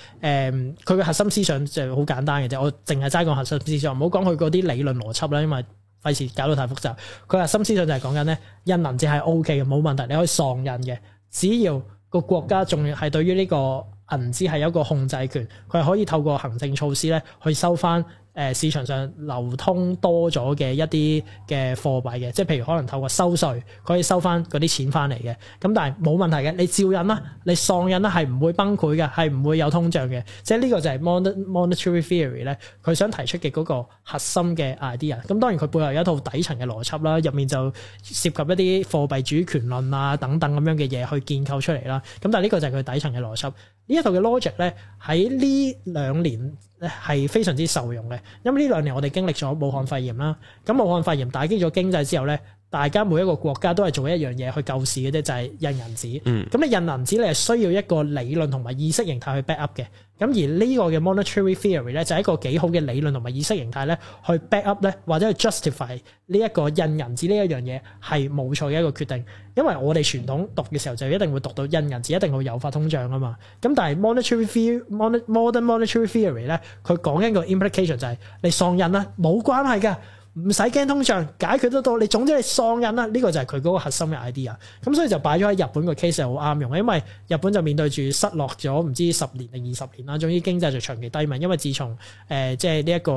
佢嘅核心思想就係好簡單嘅啫，我淨係齋講核心思想，唔好講佢嗰啲理論邏輯啦，因為費事搞到太複雜。佢核心思想就係講緊咧，印銀紙係 O K 嘅，冇問題，你可以喪印嘅，只要個國家仲要係對於呢個銀紙係有一個控制權，佢係可以透過行政措施咧去收翻。誒市場上流通多咗嘅一啲嘅貨幣嘅，即係譬如可能透過收稅，佢可以收翻嗰啲錢翻嚟嘅。咁但係冇問題嘅，你照印啦，你喪印啦，係唔會崩潰嘅，係唔會有通脹嘅。即係呢個就係 monetary theory 咧，佢想提出嘅嗰個核心嘅 idea。咁當然佢背後有一套底層嘅邏輯啦，入面就涉及一啲貨幣主權論啊等等咁樣嘅嘢去建構出嚟啦。咁但係呢個就係佢底層嘅邏輯。呢一套嘅 logic 咧，喺呢兩年，係非常之受用嘅，因為呢兩年我哋經歷咗武漢肺炎啦，咁武漢肺炎打擊咗經濟之後呢。大家每一個國家都係做一樣嘢去救市嘅啫，就係、是、印銀紙。咁、嗯、你印銀紙，你係需要一個理論同埋意識形態去 back up 嘅。咁而呢個嘅 monetary theory 咧，就係一個幾好嘅理論同埋意識形態咧，去 back up 咧，或者去 justify 呢一個印銀紙呢一樣嘢係冇錯嘅一個決定。因為我哋傳統讀嘅時候就一定會讀到印銀紙一定會誘發通脹啊嘛。咁但係 monetary the、mon、modern monetary theory 咧，佢講緊個 implication 就係、是、你喪印啦，冇關係㗎。唔使驚，通脹解決得到。你總之你喪印啦，呢個就係佢嗰個核心嘅 idea。咁所以就擺咗喺日本個 case 係好啱用，因為日本就面對住失落咗唔知十年定二十年啦。總之經濟就長期低迷，因為自從誒即係呢一個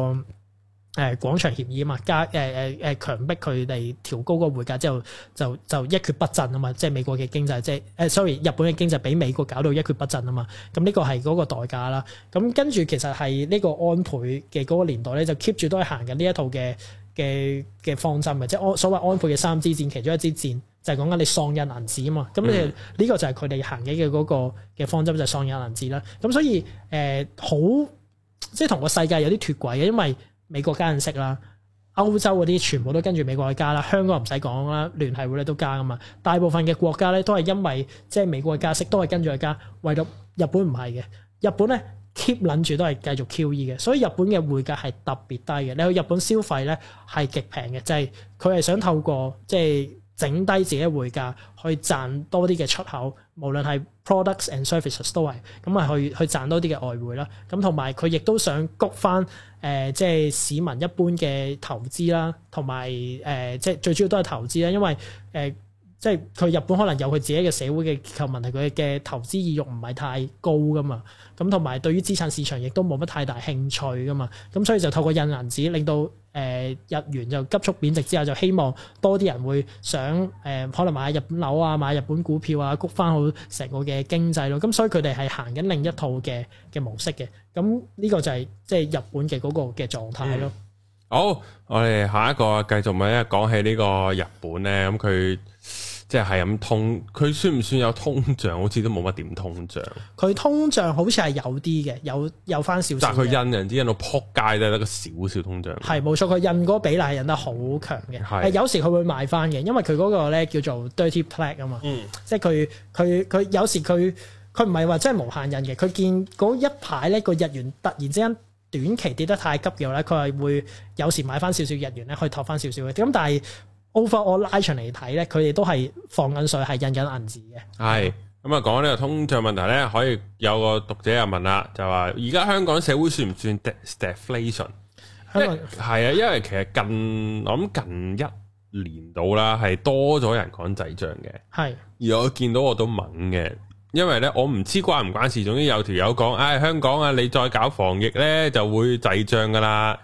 誒廣場協議啊嘛，加誒誒誒強迫佢哋調高個匯價之後，就就一蹶不振啊嘛。即係美國嘅經濟，即係誒 sorry 日本嘅經濟俾美國搞到一蹶不振啊嘛。咁呢個係嗰個代價啦。咁跟住其實係呢個安倍嘅嗰個年代咧，就 keep 住都係行緊呢一套嘅。嘅嘅方針嘅，即係安所謂安倍嘅三支箭，其中一支箭就係講緊你喪印銀紙啊嘛，咁你呢個就係佢哋行嘅嘅嗰個嘅方針，就係、是、喪印銀紙啦。咁所以誒、呃，好即係同個世界有啲脫軌嘅，因為美國加緊息啦，歐洲嗰啲全部都跟住美國去加啦，香港唔使講啦，聯繫會咧都加噶嘛，大部分嘅國家咧都係因為即係美國加息都係跟住去加，唯獨日本唔係嘅，日本咧。keep 諗住都係繼續 QE 嘅，所以日本嘅匯價係特別低嘅。你去日本消費咧係極平嘅，就係佢係想透過即係整低自己嘅匯價去賺多啲嘅出口，無論係 products and services 都係咁啊，去去賺多啲嘅外匯啦。咁同埋佢亦都想谷返誒，即、呃、係、即係、市民一般嘅投資啦，同埋誒即係最主要都係投資啦，因為誒。呃即係佢日本可能有佢自己嘅社會嘅結構問題，佢嘅投資意欲唔係太高噶嘛。咁同埋對於資產市場亦都冇乜太大興趣噶嘛。咁所以就透過印銀紙，令到誒、呃、日元就急速貶值之後，就希望多啲人會想誒、呃、可能買日本樓啊、買日本股票啊，谷翻好成個嘅經濟咯。咁所以佢哋係行緊另一套嘅嘅模式嘅。咁呢個就係即係日本嘅嗰個嘅狀態咯。嗯、好，我哋下一個繼續咪咧講起呢個日本咧，咁佢。即係咁通，佢算唔算有通脹？好似都冇乜點通脹。佢通脹好似係有啲嘅，有有翻少少。但佢印人之印到撲街都係得個少少通脹。係冇錯，佢印嗰個比例係印得好強嘅。係是有時佢會買翻嘅，因為佢嗰個咧叫做 dirty play 啊嘛。嗯，即係佢佢佢有時佢佢唔係話真係無限印嘅。佢見嗰一排咧個日元突然之間短期跌得太急嘅話咧，佢係會有時買翻少少日元咧，可以托翻少少嘅。咁但係 overall 我拉長嚟睇咧，佢哋都係放緊水，係印緊銀紙嘅。係咁啊，講呢個通脹問題咧，可以有個讀者又問啦，就話而家香港社會算唔算 deflation？De 係啊，因為其實近我諗近一年度啦，係多咗人講滯脹嘅。係，而我見到我都猛嘅，因為咧我唔知關唔關事，總之有條友講，唉、哎，香港啊，你再搞防疫咧，就會滯脹噶啦。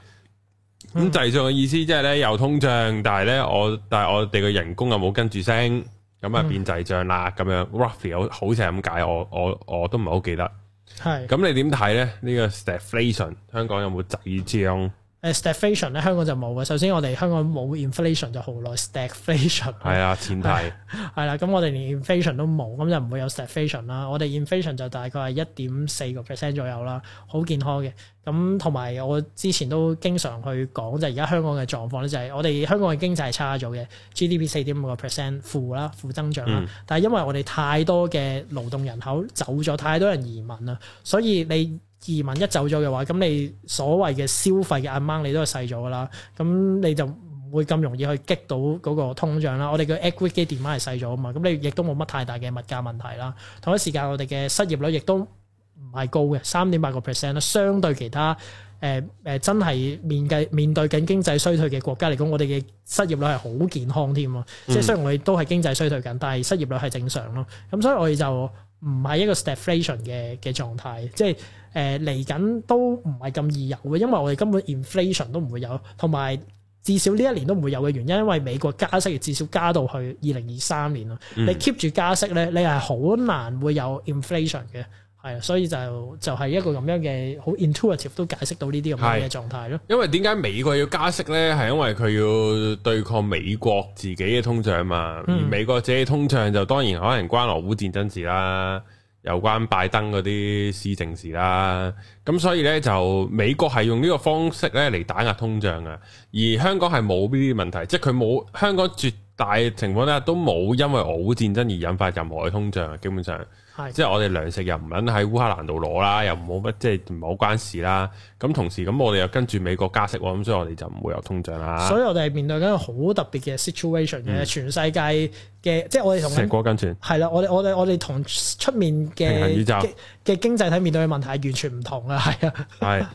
咁滯脹嘅意思即係咧，又通脹，但係咧我，但係我哋嘅人工又冇跟住升，咁啊變滯脹啦，咁、嗯、樣 roughly 好，好似係咁解，我我我都唔係好記得。係是，咁、嗯、你點睇咧？呢、這個 stagflation 香港有冇滯脹？嗯誒 stagflation 咧香港就冇嘅。首先我哋香港冇 inflation 就好耐，stagflation 係啊，的 前提係啦。咁我哋連 inflation 都冇，咁就唔會有 stagflation 啦。我哋 inflation 就大概係一點四個 percent 左右啦，好健康嘅。咁同埋我之前都經常去講，就而、是、家香港嘅狀況咧，就係、是、我哋香港嘅經濟係差咗嘅，GDP 四點五個 percent 負啦，負增長啦。嗯、但係因為我哋太多嘅勞動人口走咗，太多人移民啦，所以你。移民一走咗嘅話，咁你所謂嘅消費嘅 amount 你都係細咗噶啦，咁你就唔會咁容易去激到嗰個通脹啦。我哋嘅 aggregate demand 係細咗啊嘛，咁你亦都冇乜太大嘅物價問題啦。同一時間，我哋嘅失業率亦都唔係高嘅，三點八個 percent 啦，相對其他誒誒、呃、真係面計面對緊經濟衰退嘅國家嚟講，我哋嘅失業率係好健康添喎。即係雖然我哋都係經濟衰退緊，但係失業率係正常咯。咁所以我哋就。唔係一個 stagflation 嘅嘅狀態，即係誒嚟緊都唔係咁易有嘅，因為我哋根本 inflation 都唔會有，同埋至少呢一年都唔會有嘅原因，因為美國加息，至少加到去二零二三年咯、嗯。你 keep 住加息咧，你係好難會有 inflation 嘅。係啊，所以就就係一個咁樣嘅好 intuitive 都解釋到呢啲咁樣嘅狀態咯。因為點解美國要加息呢？係因為佢要對抗美國自己嘅通脹啊嘛。嗯、美國自己通脹就當然可能關俄烏戰爭事啦，又關拜登嗰啲施政事啦。咁所以呢，就美國係用呢個方式咧嚟打壓通脹啊。而香港係冇呢啲問題，即係佢冇香港絕大情況下都冇因為俄烏戰爭而引發任何嘅通脹啊。基本上。係，即係我哋糧食又唔肯喺烏克蘭度攞啦，又冇乜，即係唔好關事啦。咁同時咁，我哋又跟住美國加息，咁所以我哋就唔會有通脹啦。所以我哋係面對緊好特別嘅 situation 嘅全世界嘅，即係我哋同食過跟前係啦，我哋我哋我哋同出面嘅宇宙嘅經濟體面對嘅問題係完全唔同啊，係啊，係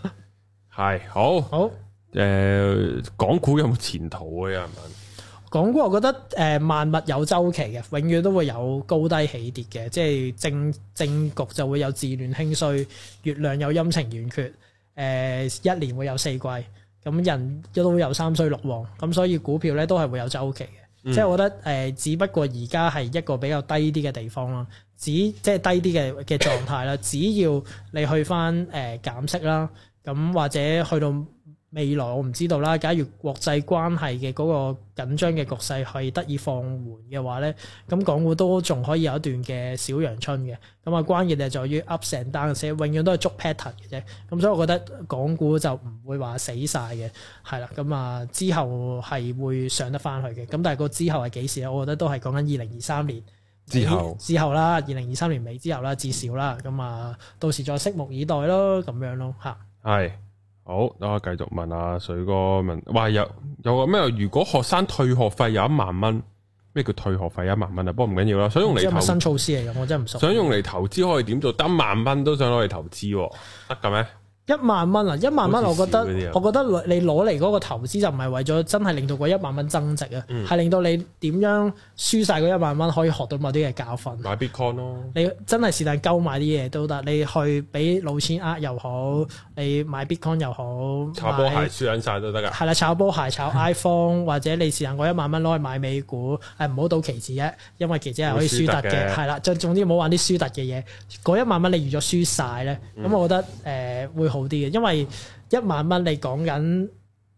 係好好，誒好，港股、呃、有冇前途啊？又問。講過，港股我覺得誒、呃、萬物有周期嘅，永遠都會有高低起跌嘅，即係政政局就會有治亂興衰，月亮有陰晴圓缺，誒、呃、一年會有四季，咁人都會有三衰六旺，咁所以股票呢都係會有周期嘅，嗯、即係我覺得誒、呃，只不過而家係一個比較低啲嘅地方啦，只即係低啲嘅嘅狀態啦，只要你去返誒、呃、減息啦，咁或者去到。未來我唔知道啦。假如國際關係嘅嗰個緊張嘅局勢係得以放緩嘅話咧，咁港股都仲可以有一段嘅小陽春嘅。咁啊，關鍵就係在於 up and down，永遠都係捉 pattern 嘅啫。咁所以，我覺得港股就唔會話死晒嘅，係啦。咁啊，之後係會上得翻去嘅。咁但係個之後係幾時咧？我覺得都係講緊二零二三年之後，之後啦，二零二三年尾之後啦，至少啦。咁啊，到時再拭目以待咯，咁樣咯，嚇。係。好，等我繼續問阿水哥問，話有有個咩？如果學生退學費有一萬蚊，咩叫退學費有一萬蚊啊？不過唔緊要啦，想用嚟即係新措施嚟嘅，我真係唔熟。想用嚟投資可以點做？得一萬蚊都想攞嚟投資，得㗎咩？一萬蚊啊！一萬蚊，我覺得我覺得你攞嚟嗰個投資就唔係為咗真係令到嗰一萬蚊增值啊，係令到你點樣輸晒嗰一萬蚊可以學到某啲嘅教訓。買 Bitcoin 咯，你真係是但鳩買啲嘢都得，你去俾老千呃又好，你買 Bitcoin 又好，買炒波鞋輸緊曬都得㗎。係啦，炒波鞋、炒 iPhone 或者你試下嗰一萬蚊攞去買美股，唔好賭期指啫，因為期指係可以輸突嘅。係啦，最總之唔好玩啲輸突嘅嘢。嗰一萬蚊你預咗輸晒咧，咁我覺得誒、呃呃、會。好啲嘅，因為一萬蚊你講緊，誒、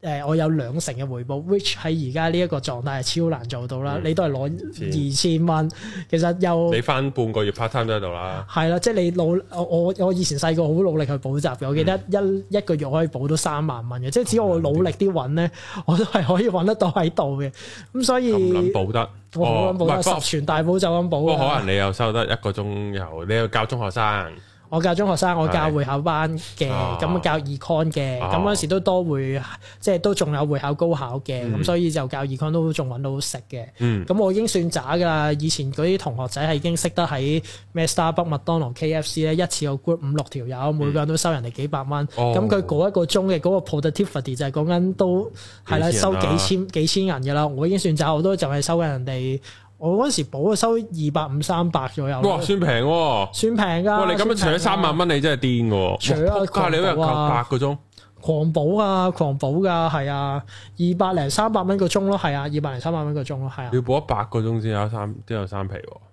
呃、我有兩成嘅回報，which 喺而家呢一個狀態係超難做到啦。嗯、你都係攞二千蚊，其實又你返半個月 part time 都喺度啦。係啦，即係你努，我我以前細個好努力去補習嘅，我記得一、嗯、一個月可以補到三萬蚊嘅，即係只要我努力啲揾咧，我都係可以揾得到喺度嘅。咁所以補得，我好難補得，十、哦、全大補就咁補。哦、是可能你又收得一個鐘頭，你要教中學生。 我教中學生，我教會考班嘅，咁、嗯啊啊、教 econ 嘅，咁嗰時都多會，即係都仲有會考高考嘅，咁、嗯、所以就教 econ 都仲揾到食嘅。咁、嗯、我已經算渣㗎啦，以前嗰啲同學仔係已經識得喺咩 Starbucks、麥當勞、KFC 咧、FC，一次有 group 五六條友，每個人都收人哋幾百蚊。咁佢嗰一個鐘嘅嗰個 productivity 就係講緊都係、啊、啦，收幾千幾千人㗎啦。我已經算渣好多，就係收緊人哋。我嗰時補啊，收二百五三百左右，哇，算平、啊，算平噶、啊。哇，你咁樣除咗三萬蚊，你真係癲噶。取啊，啊哇，你一日吸八個鐘，狂補啊，狂補噶，係啊，二百零三百蚊個鐘咯，係啊，二百零三百蚊個鐘咯，係啊。啊啊你要補一百個鐘先有三，都有三皮喎、啊。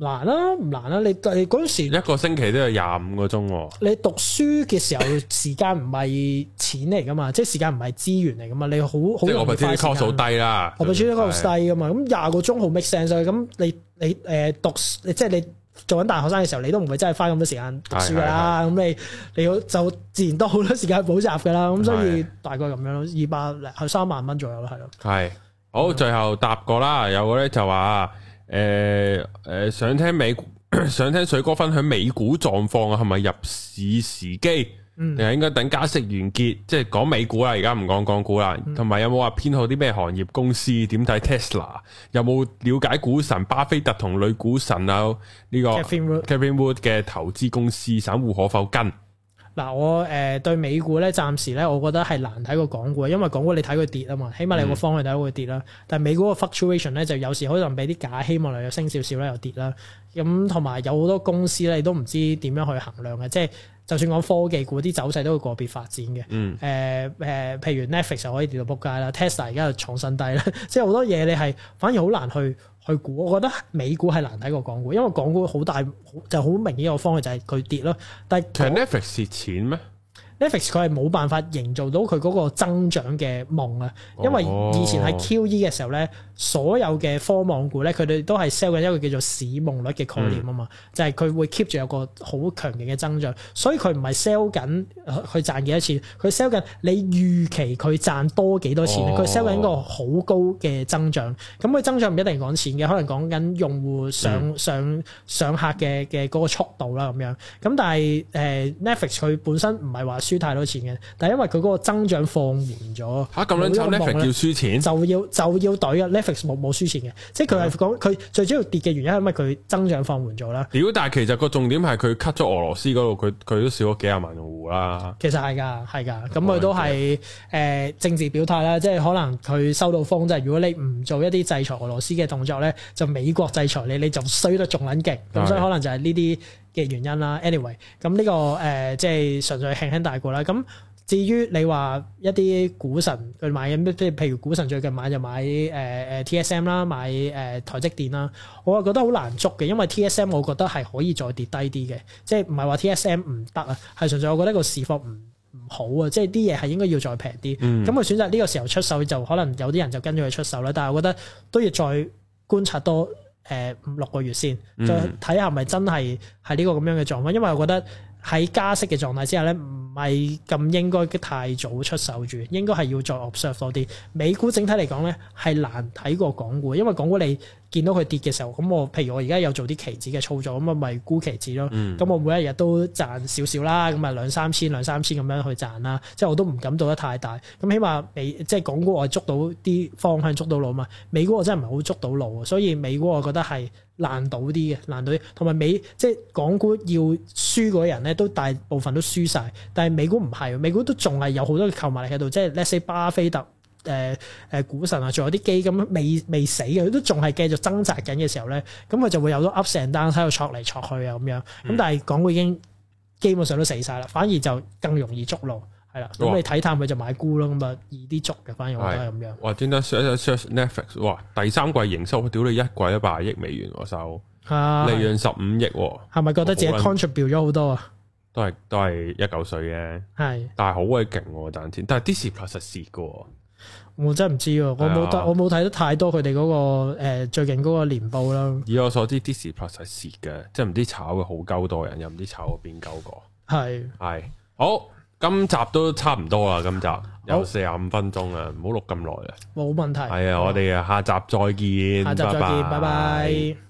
難啦、啊，唔難啦、啊，你你嗰陣時一個星期都有廿五個鐘、哦。你讀書嘅時候，時間唔係錢嚟噶嘛， 即係時間唔係資源嚟噶嘛，你好好容易花時間。科數低啦，我本科數低噶嘛，咁廿的個鐘好 make sense。咁你你誒、呃、讀，即係你做緊大學生嘅時候，你都唔會真係花咁多時間讀書噶啦、啊。咁的你你要就自然多好多時間補習噶啦。咁所以大概咁樣咯，二百，零三萬蚊左右咯，係咯。係的好，最後答過啦，有嗰啲就話。誒誒，想聽美想聽水哥分享美股狀況啊，係咪入市時機？嗯，又係應該等加息完結，嗯、即係講美股啦，而家唔講港股啦。同埋、嗯、有冇話偏好啲咩行業公司？點睇 Tesla？有冇了解股神巴菲特同女股神啊？呢、呢個 Kevin Wood 嘅投資公司，散戶可否跟？嗱，我誒、呃、對美股咧，暫時咧，我覺得係難睇過港股，因為港股你睇佢跌啊嘛，起碼你個方向睇到佢跌啦。嗯、但係美股個 fluctuation 咧，就有時可能俾啲假希望，嚟又升少少咧，又跌啦。咁同埋有好多公司咧，你都唔知點樣去衡量嘅。即係就算講科技股啲走勢都會個別發展嘅。嗯。誒誒、呃呃，譬如 Netflix 就可以跌到仆街啦，Tesla 而家又創新低啦。即係好多嘢你係反而好難去，去估，我覺得美股係難睇過港股，因為港股好大，就好明顯個方向就係佢跌咯。但係，Netflix 蝕錢咩？Netflix 佢係冇辦法營造到佢嗰個增長嘅夢啊，因為以前喺 QE 嘅時候咧，哦、所有嘅科網股咧，佢哋都係 sell 緊一個叫做市夢率嘅概念啊嘛，嗯、就係佢會 keep 住有個好強勁嘅增長，所以佢唔係 sell 緊佢賺幾多錢，佢 sell 緊你預期佢賺多幾多錢，佢 sell 緊一個好高嘅增長，咁佢增長唔一定講錢嘅，可能講緊用戶上、嗯、上上，上客嘅嘅個速度啦咁樣，咁但係誒、呃、Netflix 佢本身唔係話。輸太多錢嘅，但係因為佢嗰個增長放緩咗。吓咁、啊、樣，就 Netflix 要輸錢就要，就要就要懟啊！Netflix 冇冇輸錢嘅，即係佢係講佢最主要跌嘅原因係咪佢增長放緩咗啦？屌！但係其實個重點係佢 cut 咗俄羅斯嗰度，佢佢都少咗幾十萬用戶啦。其實係噶，係噶，咁佢都係誒的、呃、政治表態啦，即係可能佢收到風，即係如果你唔做一啲制裁俄羅斯嘅動作咧，就美國制裁你，你就衰得仲撚勁。咁的所以可能就係呢啲。嘅原因啦，anyway，咁、這、呢個誒、呃、即係純粹輕輕帶過啦。咁至於你話一啲股神去買嘅即係譬如股神最近買就、呃、買誒誒 TSM 啦，買、呃、誒台積電啦，我係覺得好難捉嘅，因為 TSM 我覺得係可以再跌低啲嘅，即係唔係話 TSM 唔得啊，係純粹我覺得個市況唔唔好啊，即係啲嘢係應該要再平啲。咁佢、嗯、選擇呢個時候出售，就可能有啲人就跟住佢出售啦，但係我覺得都要再觀察多。誒五、呃、六個月先，嗯、再睇下係咪真係係呢個咁樣嘅狀況，因為我覺得，喺加息嘅狀態之下咧，唔係咁應該太早出手住，應該係要再 observe 多啲。美股整體嚟講咧，係難睇過港股，因為港股你見到佢跌嘅時候，咁我譬如我而家有做啲期指嘅操作，咁我咪沽期指咯。咁我每一日都賺少少啦，咁啊兩三千兩三千咁樣去賺啦。即係我都唔敢做得太大，咁起碼美即係港股我捉到啲方向，捉到路啊嘛。美股我真係唔係好捉到路，所以美股我覺得係。難倒啲嘅難倒啲，同埋美即係港股要輸嗰啲人咧，都大部分都輸晒。但係美股唔係，美股都仲係有好多嘅購物力喺度，即係 let's say 巴菲特誒誒股神啊，仲有啲基金未未死嘅，都仲係繼續掙扎緊嘅時候咧，咁佢就會有咗 up and down 喺度戳嚟戳去啊咁樣。咁但係港股已經基本上都死晒啦，反而就更容易捉路。係啦，咁你睇探佢就買股咯。咁啊，易啲做嘅，反而我覺得咁樣。哇！點解 Shares Netflix 哇，第三季營收屌你一季一百億美元我收利潤十五億。係咪覺得自己 contribute 咗好多啊？都係都係一嚿水嘅，係，但係好鬼勁喎賺錢，但係 Disney Plus 蝕嘅。我真係唔知，我冇得我冇睇得太多佢哋嗰個誒最近嗰個年報啦。以我所知，Disney Plus 蝕嘅，即係唔知炒嘅好鳩多人，又唔知炒邊鳩個係係好。今集都差唔多啦，今集有四十五分鐘啊，唔好錄咁耐啦。冇問題。係啊，我哋下集再見，下集再見，拜拜。拜拜。